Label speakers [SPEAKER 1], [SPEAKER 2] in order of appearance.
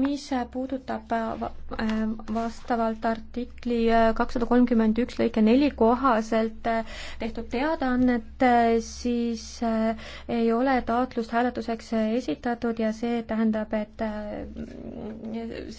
[SPEAKER 1] mis puudutab äh, vastavalt artikli äh, kakssada kolmkümmend üks lõike neli kohaselt äh, tehtud teadaannet, siis ei ole taotlust hääletuseks esitatud ja see tähendab, et see